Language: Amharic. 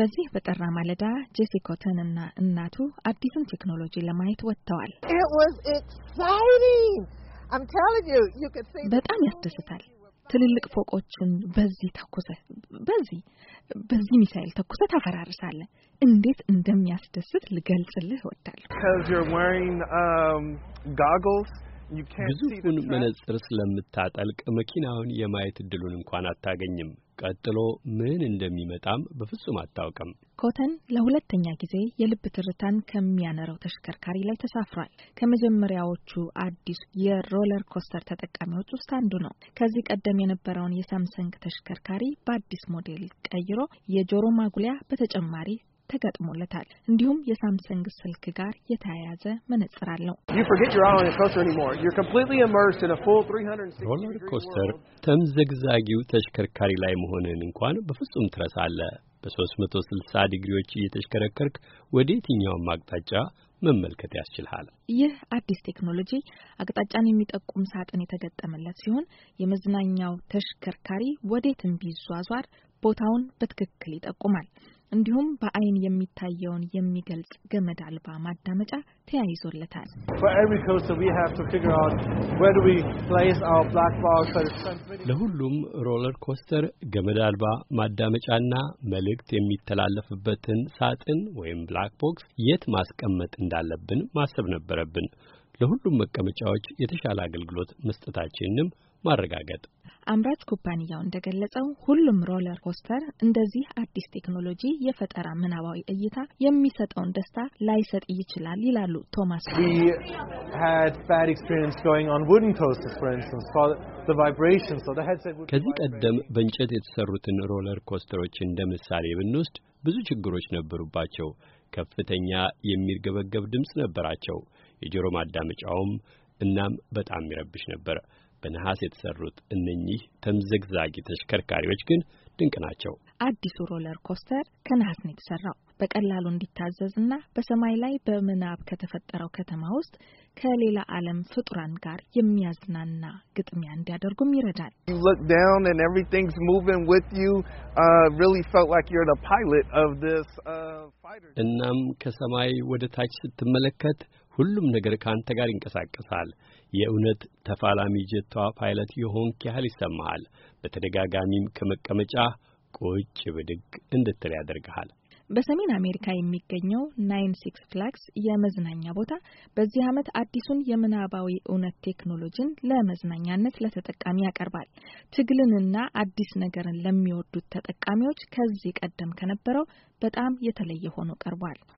በዚህ በጠራ ማለዳ ጄሲ ኮተን እና እናቱ አዲሱን ቴክኖሎጂ ለማየት ወጥተዋል። በጣም ያስደስታል። ትልልቅ ፎቆችን በዚህ ተኩሰ በዚህ በዚህ ሚሳኤል ተኩሰ ታፈራርሳለ። እንዴት እንደሚያስደስት ልገልጽልህ እወዳለሁ። ግዙፉን መነጽር ስለምታጠልቅ መኪናውን የማየት እድሉን እንኳን አታገኝም። ቀጥሎ ምን እንደሚመጣም በፍጹም አታውቅም። ኮተን ለሁለተኛ ጊዜ የልብ ትርታን ከሚያነረው ተሽከርካሪ ላይ ተሳፍሯል። ከመጀመሪያዎቹ አዲሱ የሮለር ኮስተር ተጠቃሚዎች ውስጥ አንዱ ነው። ከዚህ ቀደም የነበረውን የሳምሰንግ ተሽከርካሪ በአዲስ ሞዴል ቀይሮ የጆሮ ማጉሊያ በተጨማሪ ተገጥሞለታል። እንዲሁም የሳምሰንግ ስልክ ጋር የተያያዘ መነጽር አለው። ሮለር ኮስተር ተምዘግዛጊው ተሽከርካሪ ላይ መሆንን እንኳን በፍጹም ትረሳለህ። በ360 ዲግሪዎች እየተሽከረከርክ ወደ የትኛውም አቅጣጫ መመልከት ያስችልሃል። ይህ አዲስ ቴክኖሎጂ አቅጣጫን የሚጠቁም ሳጥን የተገጠመለት ሲሆን የመዝናኛው ተሽከርካሪ ወዴትም ቢዟዟር ቦታውን በትክክል ይጠቁማል። እንዲሁም በአይን የሚታየውን የሚገልጽ ገመድ አልባ ማዳመጫ ተያይዞለታል። ለሁሉም ሮለር ኮስተር ገመድ አልባ ማዳመጫና መልእክት የሚተላለፍበትን ሳጥን ወይም ብላክ ቦክስ የት ማስቀመጥ እንዳለብን ማሰብ ነበረብን። ለሁሉም መቀመጫዎች የተሻለ አገልግሎት መስጠታችንንም ማረጋገጥ አምራች ኩባንያው እንደገለጸው ሁሉም ሮለር ኮስተር እንደዚህ አዲስ ቴክኖሎጂ የፈጠራ ምናባዊ እይታ የሚሰጠውን ደስታ ላይሰጥ ይችላል ይላሉ ቶማስ። ከዚህ ቀደም በእንጨት የተሰሩትን ሮለር ኮስተሮች እንደ ምሳሌ ብንወስድ ብዙ ችግሮች ነበሩባቸው። ከፍተኛ የሚርገበገብ ድምፅ ነበራቸው። የጆሮ ማዳመጫውም እናም በጣም ይረብሽ ነበር። በነሐስ የተሰሩት እነኚህ ተምዘግዛጊ ተሽከርካሪዎች ግን ድንቅ ናቸው። አዲሱ ሮለር ኮስተር ከነሐስ ነው የተሰራው። በቀላሉ እንዲታዘዝና በሰማይ ላይ በምናብ ከተፈጠረው ከተማ ውስጥ ከሌላ ዓለም ፍጡራን ጋር የሚያዝናና ግጥሚያ እንዲያደርጉም ይረዳል። እናም ከሰማይ ወደ ታች ስትመለከት ሁሉም ነገር ከአንተ ጋር ይንቀሳቀሳል። የእውነት ተፋላሚ ጀቷ ፓይለት የሆንክ ያህል ይሰማሃል። በተደጋጋሚም ከመቀመጫ ቁጭ ብድግ እንድትል ያደርግሃል። በሰሜን አሜሪካ የሚገኘው ናይን ሲክስ ፍላግስ የመዝናኛ ቦታ በዚህ ዓመት አዲሱን የምናባዊ እውነት ቴክኖሎጂን ለመዝናኛነት ለተጠቃሚ ያቀርባል። ትግልንና አዲስ ነገርን ለሚወዱት ተጠቃሚዎች ከዚህ ቀደም ከነበረው በጣም የተለየ ሆኖ ቀርቧል።